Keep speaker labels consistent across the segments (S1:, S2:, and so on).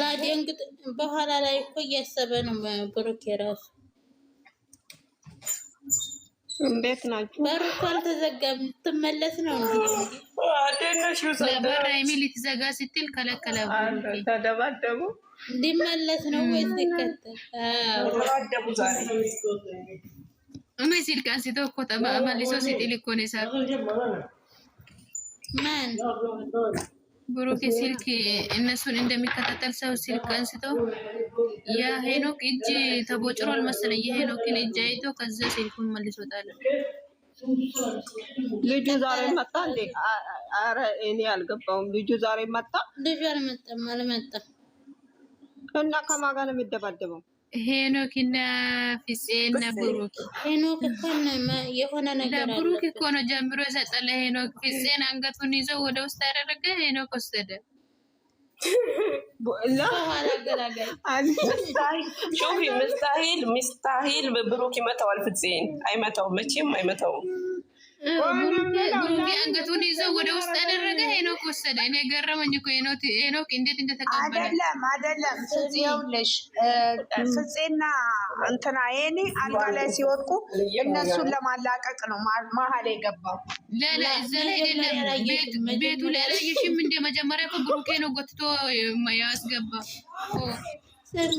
S1: ላደንግጥ በኋላ ላይ እኮ እያሰበ ነው ብሩክ የራሱ
S2: እንዴት ናችሁ?
S1: በሩ እኮ አልተዘጋም። ትመለስ ነው ነበር ሀይሚ ልትዘጋ ስትል ከለከለ።
S2: ተደባደቡ።
S1: ሊመለስ ነው ወይስ ይከተል? ዛሬ ሲል እኮ ተመልሶ ሲጥል እኮ ነው የሳቀው ምን ብሩክ ስልክ እነሱን እንደሚከታተል ሰው ስልክ አንስቶ የሄኖክ እጅ ተቦጭሯል መሰለኝ። የሄኖክን እጅ አይቶ ከዛ ስልኩን መልሶታል።
S2: ልጁ ዛሬ መጣ እንዴ? አረ እኔ አልገባውም። ልጁ ዛሬ መጣ?
S1: ልጁ አልመጣም አልመጣም።
S2: እና ከማን ጋር ነው የሚደባደበው?
S1: ሄኖክ እና ፍፄ እና ብሩክ ሄኖክ እኮ የሆነ ነገር ለብሩክ እኮ ነው ጀምሮ የሰጠ ለሄኖክ። ፍፄን አንገቱን ይዞ ወደ ውስጥ ያደረገ ሄኖክ ወሰደ።
S2: ሚስታሂል ሚስታሂል በብሩክ ይመታዋል። ፍፄን አይመታው፣ መቼም አይመታውም።
S1: ጉሩጌ አንገቱን ይዞ ወደ ውስጥ ያደረገ ሄኖክ ወሰደ። እኔ ገረመኝ እኮ ሄኖክ እንዴት እንደተቀበለ።
S3: አይደለም አይደለም፣ ይኸውልሽ ፍፄና እንትና ይሄኔ አልጋ ላይ ሲወድቁ እነሱን ለማላቀቅ ነው መሀል የገባው።
S1: ለላ እዛ ላይ አይደለም ቤቱ ላይ አላየሽም እንደ መጀመሪያ እኮ ብሩኬ ነው ጎትቶ ያስገባ። ስሚ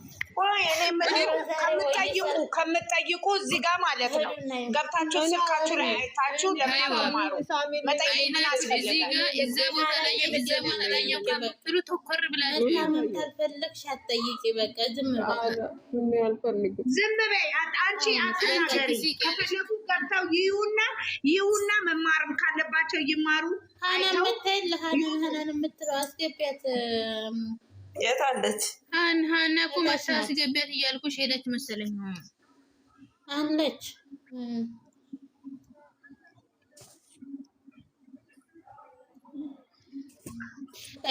S3: ከምጠይቁ ከምጠይቁ እዚህ ጋር ማለት ነው ገብታችሁ ስልካችሁ ላይ አይታችሁ ለሚያማሩ ምን ዝም በይ አንቺ አትናገሪ። ከፈለጉ ገብተው ይዩና ይዩና መማርም ካለባቸው ይማሩ።
S1: ምትል ሀናን የምትለው አስገቢያት የት አለች? ሀና እኮ መሳስ ገቢያት እያልኩሽ ሄደች መሰለኝ። አለች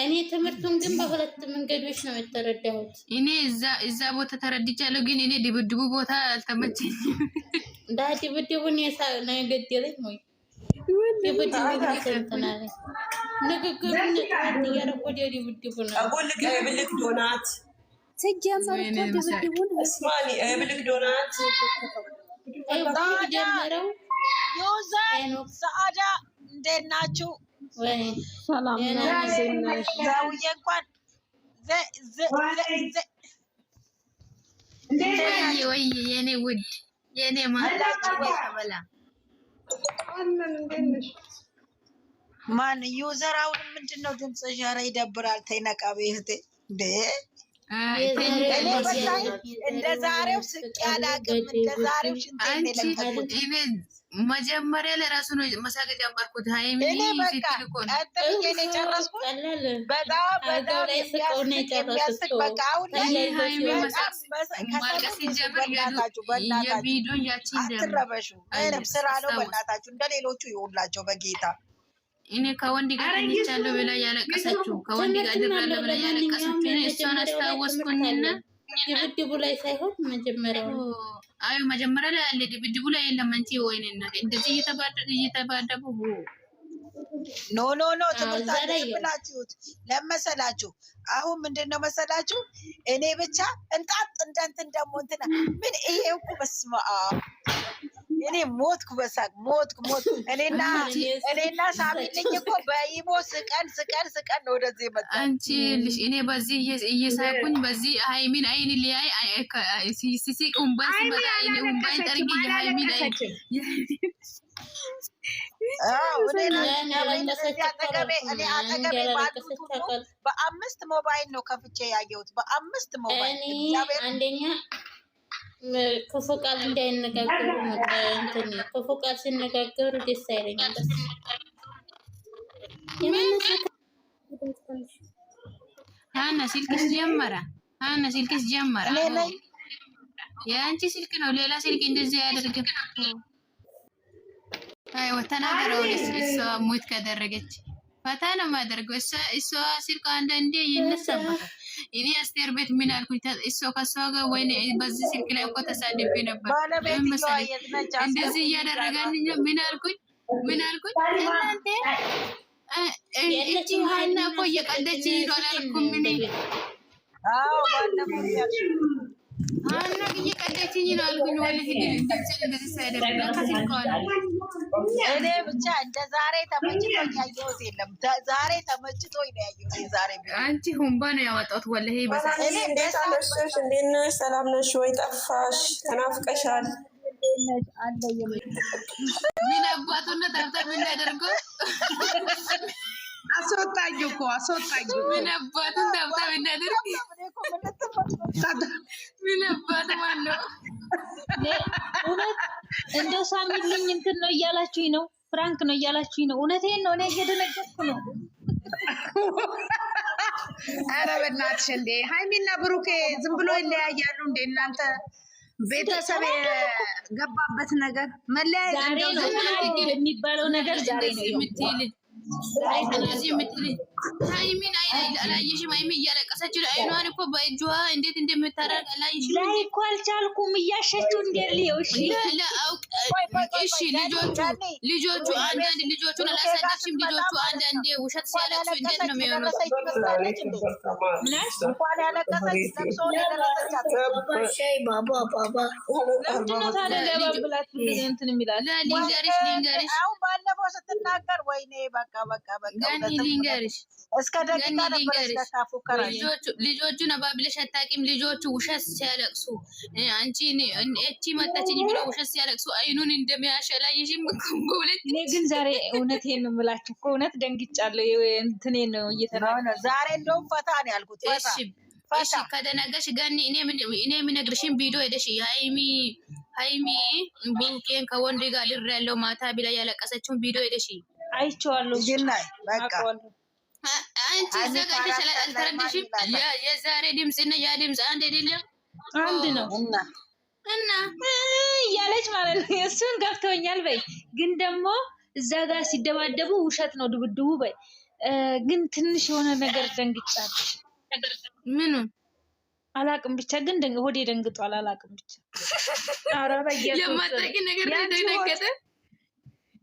S1: እኔ ትምህርቱን ግን በሁለት መንገዶች ነው የተረዳሁት። እኔ እዛ እዛ ቦታ ተረድቻለሁ፣ ግን እኔ ድብድቡ ቦታ አልተመቸኝም። ዳ ድብድቡን ነው የገደለኝ ወይ ድብድቡ ንግግሩን እያደረጎደ ድብድቡ
S2: ነው እኮ ልክ ዶናት
S3: ማን ዩዘር አሁን ምንድን ነው ድምፅሽ? ይደብራል። ተይ ነቃ እንደ እንደ ዛሬው
S1: እንደ ዛሬው መጀመሪያ ለራሱ ነው መሳቅ ጀመርኩት። ሀይሚ
S3: ስራ ነው እንደ ሌሎቹ ይውላቸው በጌታ
S1: እኔ ከወንድ ጋር ተኝቻለሁ ብላ ያለቀሰችው ከወንድ ጋር ድራለ ብላ ያለቀሰችው እሷን አስታወስኩኝና ድብድቡ ላይ ሳይሆን መጀመሪያ አዩ መጀመሪያ ላይ አለ ድብድቡ ላይ የለም። አንቺ ወይንና እንደዚህ እየተባደቡ
S3: ኖ ኖ ኖ ትምህርታላችሁት ለመሰላችሁ አሁን ምንድን ነው መሰላችሁ እኔ ብቻ እንጣጥ እንደንትን ደግሞ እንትና ምን ይሄ እኮ በስመ አብ እኔ ሞትኩ በሳቅ ሞትኩ ሞትኩ። እኔና እኔና ሳሚልኝ እኮ በኢሞ ስቀን ስቀን ስቀን ነው ወደዚህ መጣ።
S1: አንቺ ልሽ እኔ በዚህ እየሳቅኩኝ በዚህ ሃይሚን አይን ሊያይ ሲሲቅ ሁንባይ
S3: ሲመጣ አይን ሁንባይ ጠርጌ የሃይሚን አይ በአምስት ሞባይል ነው ከፍቼ ያየሁት። በአምስት ሞባይል
S1: አንደኛ ክፉ ቃል እንዳይነጋገሩ እንትን ክፉ ቃል ሲነጋገሩ ደስ አይለኛል። ሀና ስልክስ ጀመረ። ሀና ስልክስ ጀመረ። የአንቺ ስልክ ነው፣ ሌላ ስልክ እንደዚህ አያደርግም። አይወ ተናገረው ሙት ከደረገች ፈታ ነው የማደርገው። እሷ ሲልክ አንዳንዴ ይነሳበታል። እኔ አስቴር ቤት ምን አልኩኝ? እሷ ከሷ ጋር ወይ በዚህ ስልክ ላይ እኮ ተሳድቤ
S3: ነበር። ለምን መሰለኝ
S1: እንደዚህ እያደረጋን ምን አልኩኝ? ምን አልኩኝ? እናንተ እቺ ሀና እኮ እየቀደች ሂዷል አልኩም እኔ ሀና እየቀደችኝ ነው አልኩኝ። ወለ ሂድ እንደዚህ ሳያደረግ ከስልከዋል
S3: እኔ ብቻ እንደ ዛሬ ተመችቶኝ ያየሁት የለም። ዛሬ ተመችቶኝ ያየሁት። የዛሬ
S1: አንቺ ሁንባ ነው ያወጣሁት። ወላሂ
S2: እንዴት ነሽ? ሰላም ነሽ ወይ? ጠፋሽ፣ ተናፍቀሻል።
S1: ምን አስወጣኝ እኮ አስወጣኝ። ምን ምን ማነው እንደ ሳሚልኝ እንትን ነው እያላችሁኝ ነው፣ ፍራንክ ነው እያላችሁኝ ነው። እውነቴን ነው፣ እኔ እየደነገጥኩ ነው።
S3: ኧረ በእናትሽ እንዴ! ሀይሚና ብሩኬ ዝም ብሎ ይለያያሉ እንዴ እናንተ? ቤተሰብ የገባበት ነገር
S1: መለያየት የሚባለው ነገር ዛሬ ነው። ስለዚህ የምትል ሃይሚን አላየሽም? ሃይሚ እያለቀሰች አይኗን እኮ በእጇ እንዴት እንደምታደርግ አላየሽም? ላይ እኮ አልቻልኩም። እያሸችው እንዴት ልየው? እሺ እሺ፣ ልጆቹ ልጆቹ አንዳንድ ልጆቹን አላሳደግሽም። ልጆቹ አንዳንዴ ውሸት ሲያለቅሱ እንዴት ነው የሚሆኑት? ልንገርሽ ልንገርሽ ልንገርሽ ልጆቹን አባብለሽ አታውቂም። ልጆቹ ውሸት ሲያለቅሱ አንቺ እቺ መጣችኝ ብለው ውሸት ሲያለቅሱ አይኑን እንደሚያሸላይሽም በሁለት እኔ ግን ዛሬ እውነቴን ነው የምላችሁ እኮ እውነት ደንግጫለሁ። እንትኔን ነው
S3: እየተናገርኩ ዛሬ እንደውም ፈታ ነው ያልኩት።
S1: እሺ ከደነገሽ ገኒ እኔ የምነግርሽን ቪዲዮ ሄደሽ ሃይሚ ሃይሚ ቢንቄን ከወንድ ጋር ልር ያለው ማታ ቢላ ያለቀሰችውን ቪዲዮ ሄደሽ አይቼዋለሁ። በቃ አንቺ ዘጋሽ አልተረዳሽም። የዛሬ ድምፅ እና ያ ድምፅ አንድ አይደለም፣ አንድ ነው እና እያለች ማለት ነው። እሱን ገብቶኛል በይ። ግን ደግሞ እዛ ጋር ሲደባደቡ ውሸት ነው ድብድቡ በይ። ግን ትንሽ የሆነ ነገር ደንግጫለሁ። ምኑ አላቅም ብቻ ግን ሆዴ ደንግጧል። አላቅም ብቻ ኧረ ነገር ደነገጠ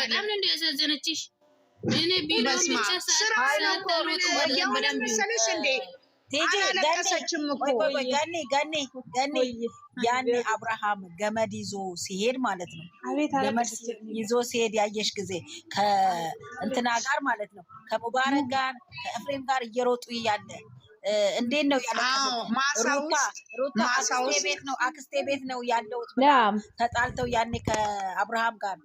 S1: በጣም ነው ያሳዘነችሽ። እኔ ቢሮ
S3: ገኔ ገኔ ገኔ ያኔ አብርሃም ገመድ ይዞ ሲሄድ ማለት ነው። ይዞ ሲሄድ ያየሽ ጊዜ ከእንትና ጋር ማለት ነው ከሙባረክ ጋር ከኤፍሬም ጋር እየሮጡ ያለ እንዴት ነው ቤት ነው አክስቴ ቤት ነው ያለሁት ተጣልተው ያኔ ከአብርሃም ጋር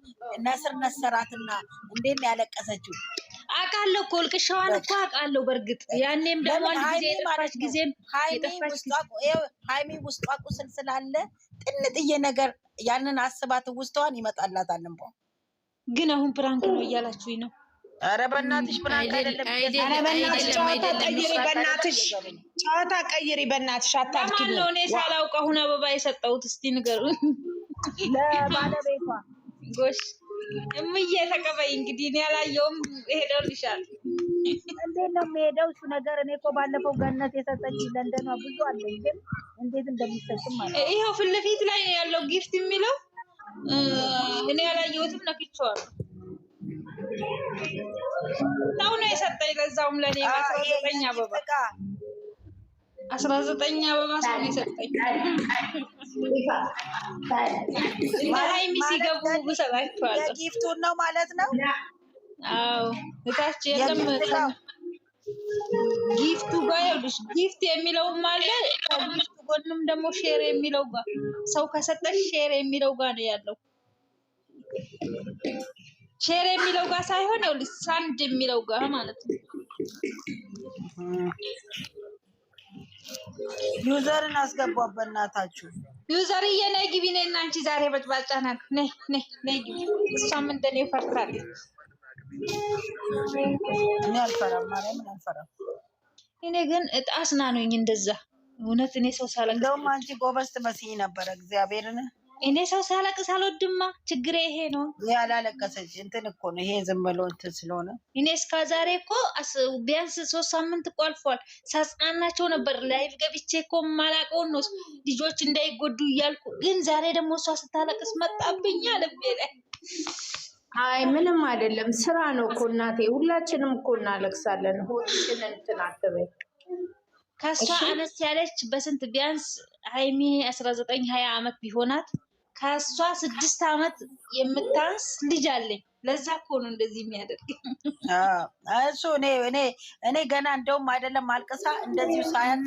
S3: ነስር ነሰራትና እንዴት ነው ያለቀሰችው
S1: አውቃለሁ እኮ እልቅሻዋን እኮ አውቃለሁ። በእርግጥ ያኔም ደግሞ
S3: አንድ ጊዜም ሀይሚ ውስጧ ቁስል ስላለ ጥንጥዬ ነገር ያንን አስባት ይመጣላታል።
S1: ግን አሁን ፕራንክ ነው እያላችሁኝ ነው
S2: ኧረ በእናትሽ
S1: አይደለም።
S3: በእናትሽ ጨዋታ ቀይሪ፣ በእናትሽ
S1: ጨዋታ ቀይሪ፣ እኔ ሳላውቅ አሁን አበባ የሰጠሁት እስቲ ንገሩ
S3: ለባለቤቷ።
S1: ጎሽ እምዬ ተቀበይ እንግዲህ እኔ አላየሁም። ሄደውልሻል።
S3: እንዴት ነው የሚሄደው እሱ ነገር? እኔ እኮ ባለፈው ገነት የሰጠች ለንደኗ ብዙ አለኝ፣ ግን እንዴት እንደሚሰጥም
S1: ይኸው ፊት ለፊት ላይ ያለው ጊፍት የሚለው እኔ አላየሁትም፣ ነክቼዋለሁ ነው ነው የሰጠኝ ለዛውም ለእኔ አስራ ዘጠኝ አበባ አስራ ዘጠኝ አበባ ሰው የሰጠኝ። ሀይሚ ሲገቡ እሰጣቸዋለሁ።
S3: የጊፍቱን ነው ማለት ነው።
S1: አዎ እታች የለም ጊፍቱ ጋር ይኸውልሽ፣ ጊፍት የሚለውም አለ ከጊፍቱ ጎንም ደግሞ ሼር የሚለው ጋር ሰው ከሰጠሽ ሼር የሚለው ጋር ነው ያለው። ቼር የሚለው ጋር ሳይሆን ያው ሳንድ የሚለው ጋር ማለት ነው።
S3: ዩዘርን አስገቧት በእናታችሁ።
S1: ዩዘርዬ ነይ ግቢ፣ ነይ እና አንቺ ዛሬ በጭባጫ ነ ነይ ነይ ነይ ግቢ። እሷም እንደኔ ፈርታለች።
S3: እኔ አልፈራም፣ ማርያምን አልፈራም።
S1: እኔ ግን እጣስ ናኖኝ እንደዛ እውነት እኔ ሰው ሳለ
S3: እንደውም አንቺ ጎበዝ ትመስይኝ ነበረ እግዚአብሔርን
S1: እኔ ሰው ሳለቅስ አልወድማ። ችግሬ ይሄ ነው።
S3: ያላለቀሰች እንትን እኮ ነው ይሄ ዝም ብሎ እንትን ስለሆነ
S1: እኔ እስከ ዛሬ እኮ ቢያንስ ሶስት ሳምንት እኮ አልፏል። ሳጽናናቸው ነበር ላይቭ ገብቼ እኮ ማላቀውን ነው ልጆች እንዳይጎዱ እያልኩ፣ ግን ዛሬ ደግሞ እሷ ስታለቅስ መጣብኛ ልቤ ላይ።
S3: አይ ምንም አይደለም፣ ስራ ነው እኮ እናቴ። ሁላችንም እኮ እናለቅሳለን። ሆድሽን እንትን አትበይ።
S1: ከእሷ አነስ ያለች በስንት ቢያንስ ሀይሚ አስራ ዘጠኝ ሀያ አመት ቢሆናት ከእሷ ስድስት አመት የምታንስ ልጅ አለኝ። ለዛ እኮ ነው እንደዚህ የሚያደርግ
S3: እሱ። እኔ እኔ እኔ ገና እንደውም አይደለም አልቅሳ እንደዚሁ ሳያን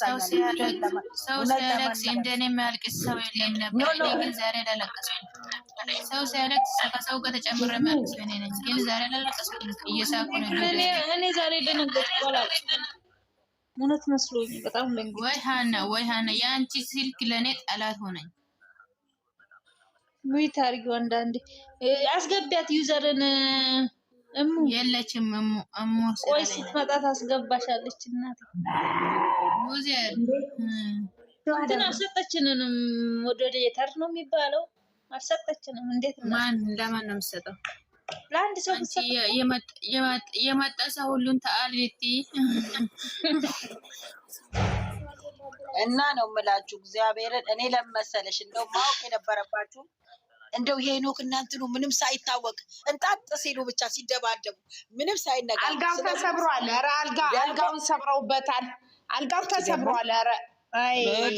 S1: ሰው ሲያለቅስ እንደኔ የሚያልቅስ ሰው የለም ነበር። ግን ዛሬ ላለቀሱ ሰው ሲያለቅስ ከሰው ጋር ተጨምሮ የሚያልቅስ እኔ ነኝ። ግን ዛሬ ላለቀሱ እየሳኩ ነው። እኔ ዛሬ ደነገጥኩ አላውቅም። እውነት መስሎኝ በጣም ወይ ሀና ወይ ሀና የአንቺ ስልክ ለእኔ ጠላት ሆነኝ። ሚዩት አድርጊው። አንዳንዴ አስገቢያት ዩዘርን እሙ የለችም። እሙ እሙ
S3: ቆይ ስትመጣ አስገባሻለች። እናት
S1: ዩዘር እንትን አልሰጠችንም። ወደ ሌተር ነው የሚባለው። አልሰጠችንም። እንዴት ማን ለማን ነው የምትሰጠው? ለአንድ ሰው የመጣ ሰው ሁሉን ተአልቲ
S3: እና ነው የምላችሁ እግዚአብሔርን እኔ ለመሰለሽ እንደው ማወቅ የነበረባችሁ እንደው ሄኖክ እናንትኑ ምንም ሳይታወቅ እንጣጥ ሲሉ ብቻ ሲደባደቡ ምንም ሳይነጋ አልጋው ተሰብሯል። ኧረ አልጋውን ሰብረውበታል። አልጋው ተሰብሯል። ኧረ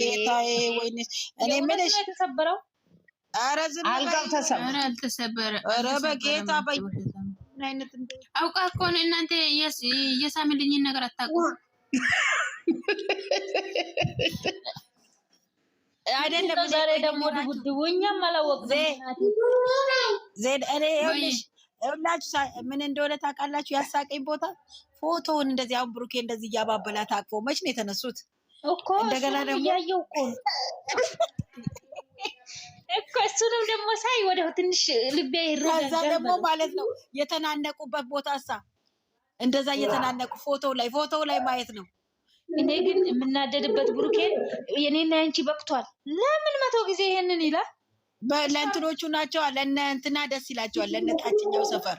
S3: ጌታዬ፣ ወይኔ እኔ
S1: ምንሽ ተሰበረው? ኧረ ዝም አልጋው ተሰብረ
S3: ኧረ በጌታ በይ
S1: አውቃ እኮ ነው እናንተ የሳምልኝን ነገር አታውቁም። አይደለም ዛሬ ደግሞ ድቡድቡኛም
S3: አላወቅሁላችሁ። ምን እንደሆነ ታውቃላችሁ? ያሳቀኝ ቦታ ፎቶውን እንደዚህ አሁን ብሩኬ እንደዚህ እያባበላ ታቅፎ መች ነው የተነሱት?
S1: እንደገና ደግሞ እያየሁ እኮ እኮ እሱንም ደግሞ ሳይ ወደ ትንሽ ልቤ
S3: ይረዛ ደግሞ ማለት ነው የተናነቁበት ቦታ እሳ እንደዛ እየተናነቁ ፎቶው ላይ ፎቶው ላይ ማየት ነው
S1: እኔ ግን የምናደድበት ብሩኬን የኔና ያንቺ በቅቷል። ለምን መቶ ጊዜ ይሄንን ይላል?
S3: ለእንትኖቹ ናቸው ለእነ እንትና ደስ ይላቸዋል። ለእነ ታችኛው ሰፈር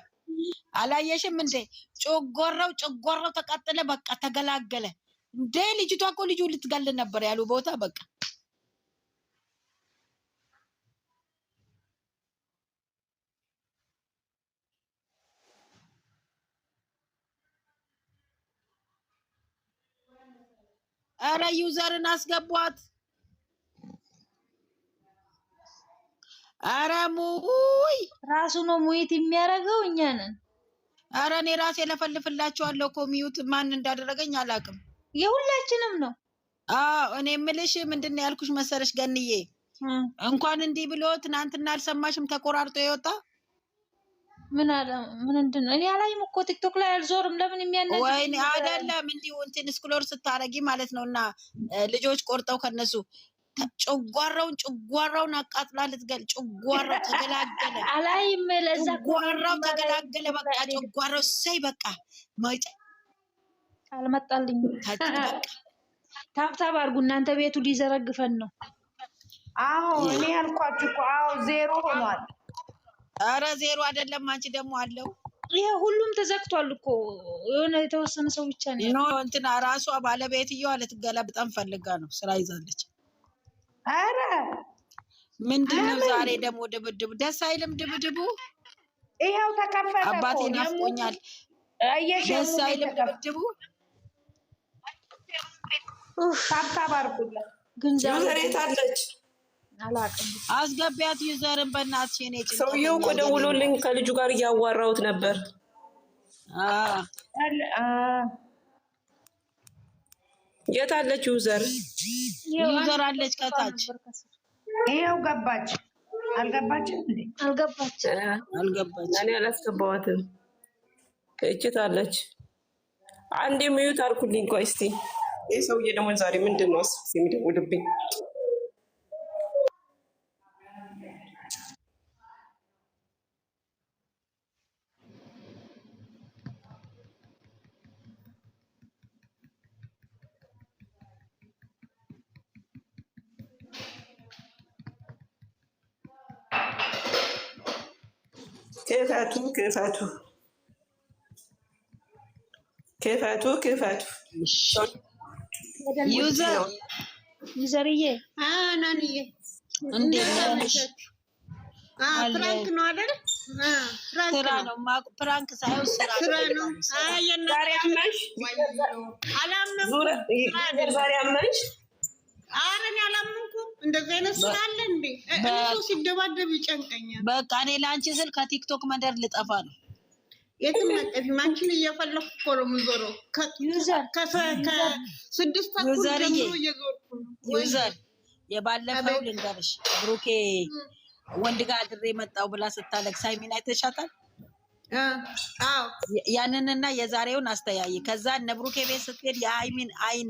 S3: አላየሽም እንዴ? ጭጎረው ጭጎረው ተቃጠለ፣ በቃ ተገላገለ። እንዴ ልጅቷ እኮ ልጁ ልትገል ነበር ያሉ ቦታ በቃ እረ ዩዘርን አስገቧት። አረ ሙይ
S1: ራሱ ነው ሙይት የሚያደርገው እኛንን ነን።
S3: አረ እኔ ራሴ ለፈልፍላችኋለሁ እኮ ሚዩት ማን እንዳደረገኝ አላውቅም።
S1: የሁላችንም ነው።
S3: አዎ እኔ የምልሽ ምንድን ነው ያልኩሽ መሰለሽ ገንዬ፣ እንኳን እንዲህ ብሎ ትናንትና አልሰማሽም? ተቆራርጦ የወጣ
S1: ምን አለ ምንድን ነው? እኔ አላይም እኮ ቲክቶክ ላይ አልዞርም። ለምን የሚያነ
S3: ወይ አይደለም እንዲሁ እንትን ስክሎር ስታረጊ ማለት ነው። እና ልጆች ቆርጠው ከነሱ ጭጓራውን ጭጓራውን አቃጥላ ልትገል ጨጓራው ተገላገለ። አላይም ለዛ ጨጓራው ተገላገለ። በቃ ጭጓራው ሰይ በቃ ማይጠ
S1: አልመጣልኝ። ታብታብ አርጉ እናንተ ቤቱ ሊዘረግፈን ነው።
S3: አዎ እኔ ያልኳችሁ እኮ አዎ ዜሮ ሆኗል። ኧረ ዜሮ አይደለም። አንቺ ደግሞ አለው
S1: ይሄ ሁሉም ተዘግቷል እኮ የሆነ የተወሰነ ሰው ብቻ
S3: ነው ነው እንትና ራሷ ባለቤትየዋ ልትገለብጠን ፈልጋ ነው ስራ ይዛለች። ኧረ ምንድን ነው ዛሬ ደግሞ ድብድብ? ደስ አይልም ድብድቡ። ይኸው ተከፈተ።
S1: አባቴ ናፍቆኛል።
S3: ደስ አይልም ድብድቡ። ታብታብ አድርጉላት
S2: ግን ዛሬ ታለች
S1: አስገቢያት ዩዘርን በእናትሽ። እኔ
S2: ሰውየው እኮ ደውሎልኝ ከልጁ ጋር እያዋራሁት ነበር። የት አለች ዩዘር?
S1: ዩዘር አለች ከታች።
S3: ይኸው ገባች። አልገባችም
S2: እኔ አላስገባዋትም። እችት አለች። አንዴ ሚዩት አልኩልኝ። ቆይ እስቲ ይህ ሰውዬ ደግሞ ዛሬ ምንድን ነው የሚደውልብኝ? ክፈቱ ክፈቱ ክፈቱ ክፈቱ።
S1: ዩዘርዬ
S3: ናንዬ ፕራንክ ነው አይደል?
S1: ስራ ነው ፕራንክ ሳይሆን
S3: ስራ ነው።
S2: ዛሬ አመሽ ዛሬ አመሽ
S3: እንደዚህ አይነት ስራ አለ እንዴ? እሱ ሲደባደብ ይጨንቀኛል።
S1: በቃ እኔ ለአንቺ ስል ከቲክቶክ መደር ልጠፋ ነው።
S3: የትም መጠፊም አንቺን እየፈለኩ እኮ ነው የምዞረው። ከስድስት
S1: ተኩል ጀምሮ እየዞርኩ ነው። ዩዘር የባለፈው ልንገርሽ፣ ብሩኬ ወንድ ጋር አድሬ መጣው ብላ ስታለቅ ሳይሚን አይተሻታል? ያንንና የዛሬውን አስተያይ። ከዛ እነ ብሩኬ ቤት ስትሄድ የሃይሚን አይኔ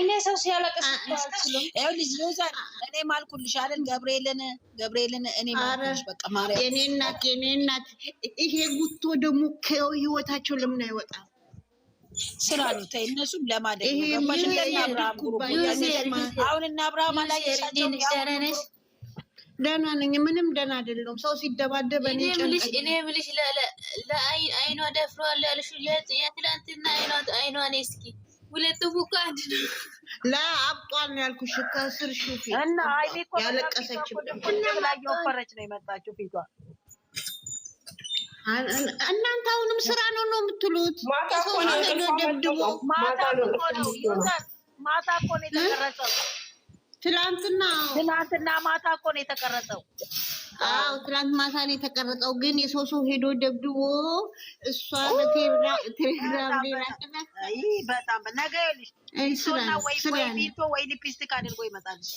S1: እኔ ሰው ሲያለቅስ
S3: ያው ልጅ ሎዛ እኔ ማልኩልሽ አይደል? ገብርኤልን ገብርኤልን እኔ
S1: ማልኩልሽ። በቃ ማርያም የኔ እናት የኔ እናት፣ ይሄ ጉቶ ደግሞ ከህይወታቸው ለምን አይወጣ?
S3: ስራ ነው ተይ፣ እነሱም ለማደግ ይሄ
S1: አብርሃም ጉሩብ አሁን እና አብርሃም አላየሻቸው
S3: ደህና ነኝ። ምንም ደህና አይደለሁም። ሰው ሲደባደብ እኔ
S1: የምልሽ እኔ የምልሽ ለአይኗ ደፍሯል ያልሽው የትላንትና አይኗ አይኗ እኔ እስኪ ሁለቱም እኮ አንድ ነው።
S3: ለአብጧል ነው ያልኩሽ። ከስር ሹፊ እና አይኔ ያለቀሰች እና ነው የመጣችው ፊቷ።
S1: እናንተ አሁንም ስራ ነው ነው የምትሉት? ማታ እኮ ነው
S3: የተቀረጸው። ትላንትና ትላንትና ማታ እኮ ነው የተቀረጸው።
S1: አዎ ትላንት ማታ ነው የተቀረጸው። ግን የሰው ሰው ሄዶ ደብድቦ እሷ ቴሌግራም
S3: ወይ ሊፕስቲክ አድርጎ ይመጣልሽ።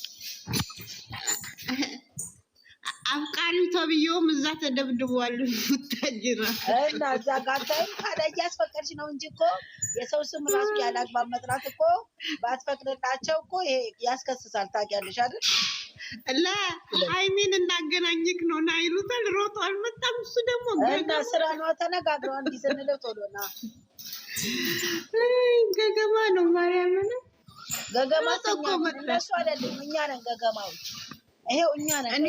S1: አብቃሪ ተብዬውም እዛ ተደብድቧል። ታጅራ
S3: እና እዛ ጋር ታይም ካለ እያስፈቀድሽ ነው እንጂ እኮ የሰው ስም ራሱ ያላግባብ መጥራት እኮ ባትፈቅድላቸው እኮ ይሄ ያስከስሳል። ታውቂያለሽ አይደል?
S1: ላ አይሚን እናገናኝክ ነው ና ይሉታል። ሮጧል መጣም እሱ ደግሞ
S3: እና ስራ ነው ተነጋግረዋል። እንዲ ስንለው ቶሎ ና
S1: ገገማ ነው ማርያምን
S3: ገገማ እነሱ አይደለም እኛ ነን ገገማዎች ይሄው እኛ ነን።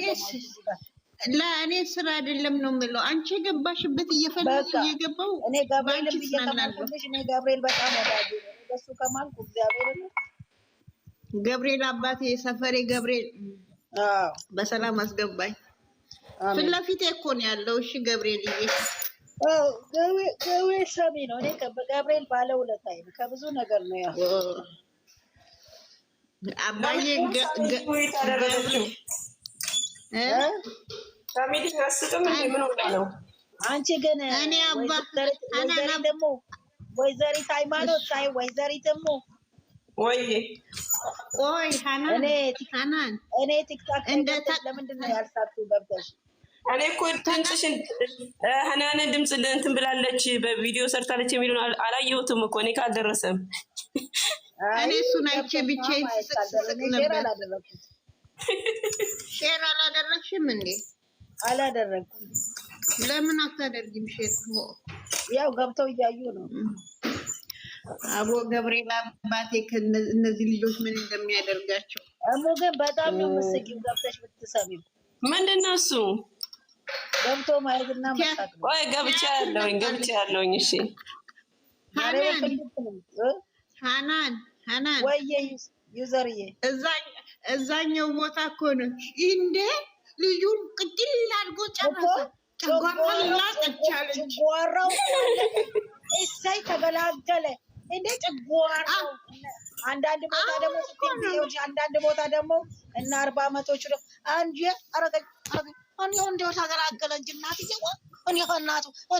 S1: እኔ ስራ አይደለም ነው የምለው። አንቺ የገባሽበት እየፈለግሽ እየገባው
S3: እኔ ገብርኤል እየተማልኩልሽ። እኔ ገብርኤል በጣም ወዳጅ በሱ ከማልኩ እግዚአብሔር
S1: ገብርኤል አባቴ ሰፈሬ ገብርኤል በሰላም አስገባኝ። ፊት ለፊቴ እኮ ነው ያለው። እሺ ገብርኤል እዬ
S3: ገብርኤል ሰሚ ነው። እኔ ገብርኤል ባለውለታዬ ነው። ከብዙ ነገር ነው ያው
S1: አባዬ አንቺ ግን ደግሞ
S3: ወይዘሪት ሃይማኖት ሳይ ወይዘሪት ደግሞ
S1: ቆይ ሀናን እኔ ቲክታክ
S3: ለምንድን ነው ያልሳችሁ? ገብተሽ
S2: እኔ እኮ ድምፅሽን ሀናን ድምፅ እንትን ብላለች፣ በቪዲዮ ሰርታለች የሚሉን አላየሁትም እኮ እኔ ካልደረሰም
S1: እኔ እሱን አይቼ ብቻዬን ስስቅ ነበር።
S3: ሼር አላደረግሽም እንዴ? አላደረግኩም።
S1: ለምን አታደርጊም ሼር?
S3: ያው ገብተው እያዩ ነው።
S1: አቦ ገብርኤል አባቴ እነዚህ ልጆች ምን እንደሚያደርጋቸው
S3: እሞ ግን በጣም ነው የምትስቂው ገብተሽ ብትሰሚው። ምንድን ነው እሱ ገብቶ ማየትና
S2: መሳቅ። ገብቻ ያለውኝ ገብቻ ያለውኝ። እሺ
S1: ሀናን
S3: ወየ ዩዘርዬ
S1: እዛኛው ቦታ እኮ ነው እንዴ! ልዩን ቅድል አድርጎ ጨረሰ።
S3: ጨጓራው እሰይ ተገላገለ። እንዴ ጨጓራው አንዳንድ ቦታ ደግሞ አንዳንድ ቦታ ደግሞ እና አርባ አንድ አረገ እናትዬ እኔ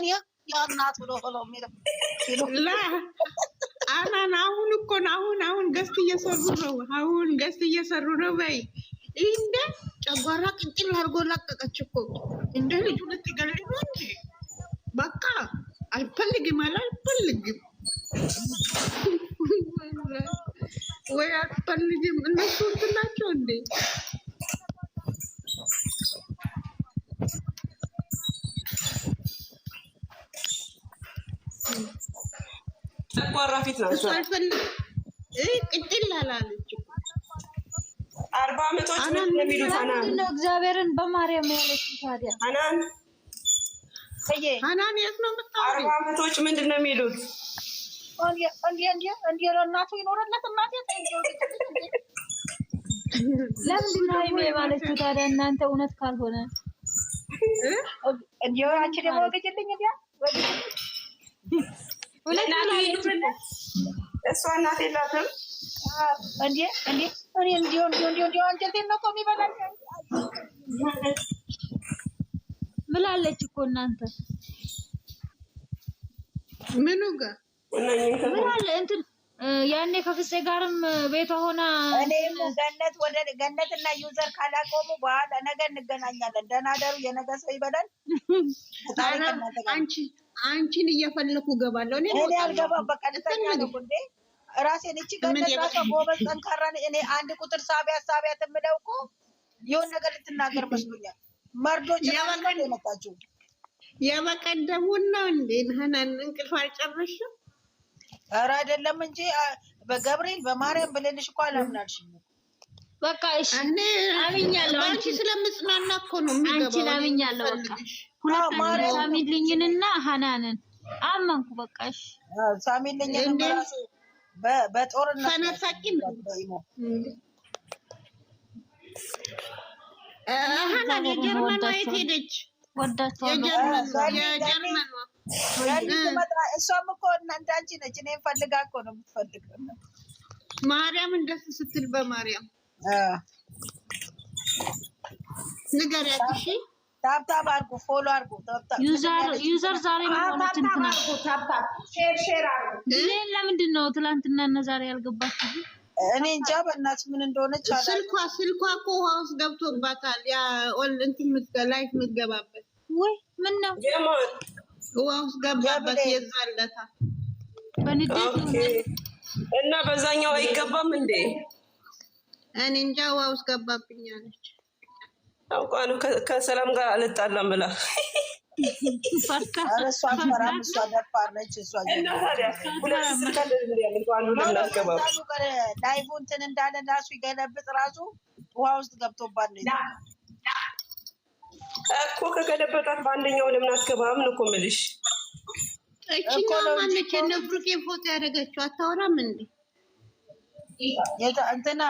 S3: እኔ ያናት ብሎ ነው
S1: የሚለው። አናን አሁን እኮ አሁን አሁን ገስት እየሰሩ ነው። አሁን ገስት እየሰሩ ነው። በይ እንደ ጨጓራ ቅንጭል አድርጎ ላቀቀች እኮ እንደ ልጁ ልትገልሉ እንጂ በቃ አልፈልግም አለ አልፈልግም ወይ አልፈልግም። እነሱ እንትን ናቸው እንዴ ጠንባራ ፊት ናቸው። ቅጥል ላላለች
S2: አርባ ዓመቶች ምን
S1: የሚሉት ነው? እግዚአብሔርን በማርያም ያለች ታዲያ አናን አናን የት ነው
S2: የምታወሪ? አርባ ዓመቶች ምንድን ነው የሚሉት?
S1: እንዲ እናቱ ይኖረለት እናቴ ለምንድን ነው ሃይሜ የማለችው ታዲያ? እናንተ እውነት ካልሆነ
S3: እንዲ አንቺ ደግሞ ወገጅልኝ እንዲያ
S2: እሷ እናት የላትም
S3: እንዴ? እንዴ? እኔ እንዲሁ እንዲሁ እንዲሁ እንዲሁ አንጀቴን ነው እኮ የሚበላኝ
S1: ምላለች እኮ እናንተ ምኑ ጋር ምናለ እንትን ያኔ ከፍሴ ጋርም ቤቷ ሆና
S3: እኔም ገነት ወደ ገነት እና ዩዘር ካላቆሙ በኋላ ነገ እንገናኛለን። ደህና ደሩ። የነገ ሰው ይበላል።
S1: አንቺ አንቺን እየፈለኩ ገባለሁ።
S3: እኔ እኔ አልገባም። በቃ ልተኛ ነው እንዴ ራሴን። እቺ ገነት ራሷ ጎበዝ፣ ጠንካራ። እኔ አንድ ቁጥር ሳቢያ ሳቢያት ትምለው እኮ የሆነ ነገር ልትናገር መስሎኛል። መርዶች ነው የመጣችው።
S1: የመቀደሙን ነው እንዴ? ናህናን እንቅልፍ አልጨረሽም
S3: ኧረ አይደለም እንጂ በገብርኤል በማርያም ብለንሽ እኮ አላምናልሽም።
S1: በቃ እሺ፣ አምኛለሁ። አንቺ ስለምጽናና እኮ ነው የሚገባው። አንቺን አምኛለሁ። በቃ ሁለታችሁ ሳሚልኝንና ሀናንን አመንኩ። በቃ እሺ፣
S3: ሳሚልኝን በጦርነት
S1: ፈነሳቂ ሀናን የጀርመኗ የት ሄደች? ወዳቸዋለሁ የጀርመኗ
S3: እሷም እኮ እንዳንቺ ነች። እኔ ፈልጋ እኮ ነው የምትፈልግ
S1: ማርያም እንደሱ ስትል በማርያም ንገሪያት። እሺ
S3: ታብታብ አድርጉ፣ ፎሎ አድርጉ። ዩዘር ዛሬ መሆኑትን
S1: ይህን ለምንድን ነው ትላንትና እና ዛሬ ያልገባችሁ?
S3: እኔ እንጃ በእናትሽ ምን እንደሆነች።
S1: ስልኳ ስልኳ እኮ ውሃ ውስጥ ገብቶባታል። ያ እንትን ላይፍ የምትገባበት ወይ ምን ነው
S2: እና በዛኛው አይገባም እንዴ?
S1: እኔ እንጃ ውሃ ውስጥ ገባብኝ አለች።
S2: አውቃ ነው ከሰላም ጋር አልጣላም ብላ
S3: ላይቡ እንትን እንዳለ ራሱ ይገለብጥ ራሱ ውሃ ውስጥ ገብቶባት ነው
S2: እኮ ከገለበጣት በአንደኛው ለምን አትገባም ነው እኮ የምልሽ።
S1: እችኛ ማነች የእነ ብሩኬ ፎቶ ያደረገችው? አታወራም እንዴ እንትና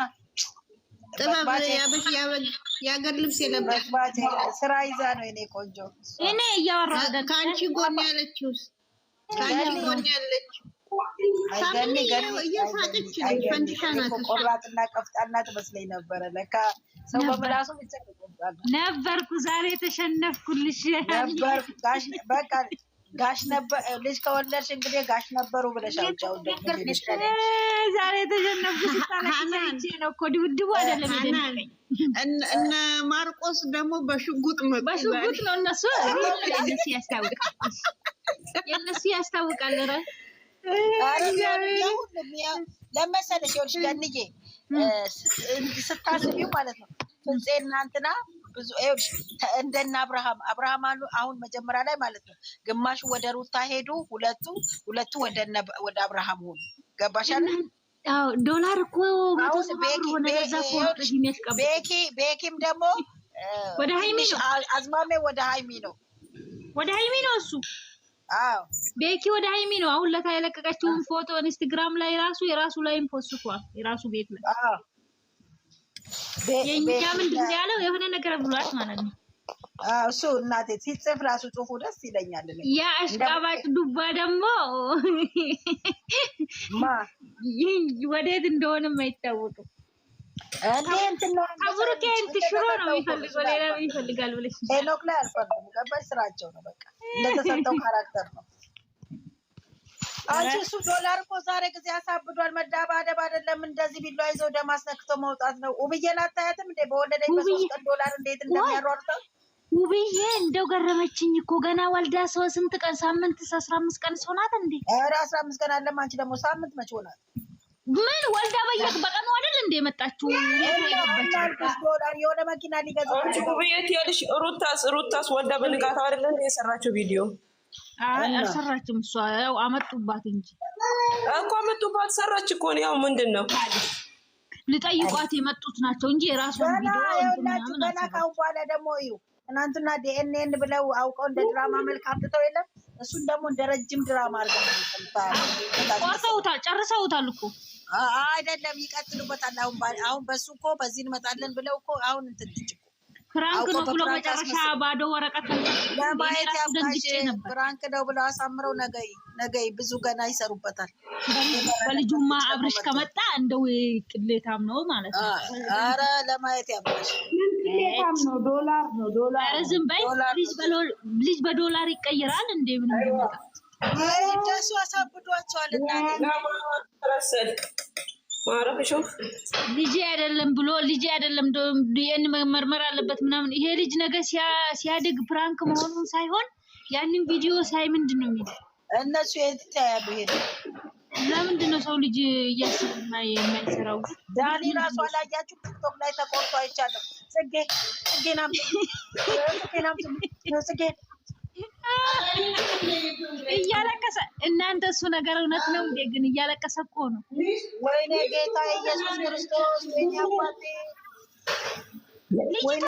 S1: ጥበብ የሀገር ልብስ የለበች
S3: ስራ ይዛ ነው። እኔ ቆንጆ
S1: እኔ እያወራ ከአንቺ ጎን ያለችው ከአንቺ ጎን ያለችው ሳምን
S3: ፈንዲሻ ናት። ቆራጥና ቀፍጣና ትመስለኝ ነበረ ለካ ሰው በምላሱ
S1: ነበርኩ። ዛሬ ተሸነፍኩልሽ።
S3: ነበር ጋሽ በቃ ጋሽ ነበር ልጅ ከወለድሽ እንግዲህ ጋሽ ነበሩ ብለሽ አውጫው።
S1: ዛሬ ተሸነፍኩ ስታለች ነው እኮ ድብድቡ አይደለም። እነ ማርቆስ ደግሞ በሽጉጥ መጡ። በሽጉጥ ነው እነሱ እነሱ ያስታውቃል የእነሱ ያስታውቃል። ረ
S3: ለመሰለሽ ይኸውልሽ ገንዬ ስታስቢው ማለት ነው። ፍፄ እናንትና ብዙ እንደና አብርሃም አብርሃም አሉ። አሁን መጀመሪያ ላይ ማለት ነው ግማሹ ወደ ሩታ ሄዱ፣ ሁለቱ ሁለቱ ወደ አብርሃም ሆኑ። ገባሻል ዶላር እኮ ቤኪም ደግሞ ወደ ሀይሚ ነው፣ አዝማሜ ወደ ሀይሚ ነው፣
S1: ወደ ሀይሚ ነው እሱ ቤኪ ወደ ሀይሚ ነው አሁን ለታ የለቀቀችውን ፎቶ ኢንስታግራም ላይ ራሱ የራሱ ላይም ፖስቷል። የራሱ ቤት ላይ የእኛ ምንድን ያለው የሆነ ነገር ብሏት ማለት ነው።
S3: እሱ እናቴ ሲጽፍ ራሱ ጽሁፉ ደስ ይለኛል።
S1: ያ አሽቃባጭ ዱባ ደግሞ ወዴት እንደሆነም አይታወቅም። አቡሩኬ ሽሮ ነው የሚፈልገው፣ ሌላ ምን ይፈልጋል ብለሽ
S3: ሄኖክ ላይ አልፈልግም። ገባሽ? ስራቸው ነው በቃ እንደተሰጠው ካራክተር ነው። አንቺ እሱ ዶላር እኮ ዛሬ ጊዜ አሳብዷል። መዳባደብ አይደለም እንደዚህ ቢሏ ይዘው ደም አስነክቶ መውጣት ነው። ውብዬን አታያትም እንዴ? በወለደች በሶስት ቀን ዶላር እንዴት እንደሚያሯርተው?
S1: ውብዬ እንደው ገረመችኝ እኮ ገና ወልዳ ሰው ስንት ቀን ሳምንት አስራ አምስት ቀን ሲሆናት እንዴ?
S3: ኧረ አስራ አምስት ቀን አለም። አንቺ ደግሞ ሳምንት መች ሆናት?
S1: ምን ወልዳ በየት በቀኑ አይደል እንደ መጣችሁ?
S3: የሆነ መኪና
S2: ያልሽ ሩታስ ሩታስ ወልዳ በንጋታው አይደል እንደ የሰራችው ቪዲዮ
S1: አልሰራችም። እሷ ያው አመጡባት እንጂ
S2: እኮ አመጡባት፣ ሰራች እኮ ያው ምንድን ነው
S1: ልጠይቋት የመጡት ናቸው እንጂ የራሷን
S3: ቪዲዮ ገና ካሁን በኋላ ደግሞ እዩ ትናንትና ዲኤንኤን ብለው አውቀው እንደ ድራማ መልክ አምጥተው የለም እሱን ደግሞ እንደ ረጅም ድራማ አርገ
S1: ቆርሰውታል፣ ጨርሰውታል እኮ
S3: አይደለም ይቀጥሉበታል። አሁን አሁን በሱ እኮ በዚህ እንመጣለን ብለው እኮ አሁን እንትን ትጭ
S1: ፍራንክ ነው ብሎ መጨረሻ ባዶ ወረቀት
S3: ለማየት ያፍቃሽ ፍራንክ ነው ብለው አሳምረው ነገይ ነገይ ብዙ ገና ይሰሩበታል።
S1: በልጁማ አብርሽ ከመጣ እንደው ቅሌታም ነው ማለት
S3: ነው። ኧረ ለማየት ያፍቃሽ
S1: ዶላር ነው ዶላር። ዝም በይ ልጅ በዶላር ይቀየራል እንዴ? ምን
S3: እንደሱ አሳብዷቸዋል።
S1: ልጄ አይደለም ብሎ ልጄ አይደለም ዲኤን መመርመር አለበት ምናምን። ይሄ ልጅ ነገር ሲያድግ ፕራንክ መሆኑን ሳይሆን ያንን ቪዲዮ ሳይ ምንድን ነው የሚለው
S3: እነሱ የተያያሉ ሄደ።
S1: ለምንድን ነው ሰው ልጅ እያስብና የሚያሰራው?
S3: ዳኒ ራሱ አላያችሁ ቲክቶክ ላይ ተቆርጦ አይቻለም። ጽጌ ጽጌ ናም ጽጌ ናም ጽጌ
S1: እያለቀሰ እናንተ እሱ ነገር እውነት ነው እንዴ? ግን እያለቀሰ እኮ ነው።
S3: ወይኔ ጌታ ኢየሱስ ክርስቶስ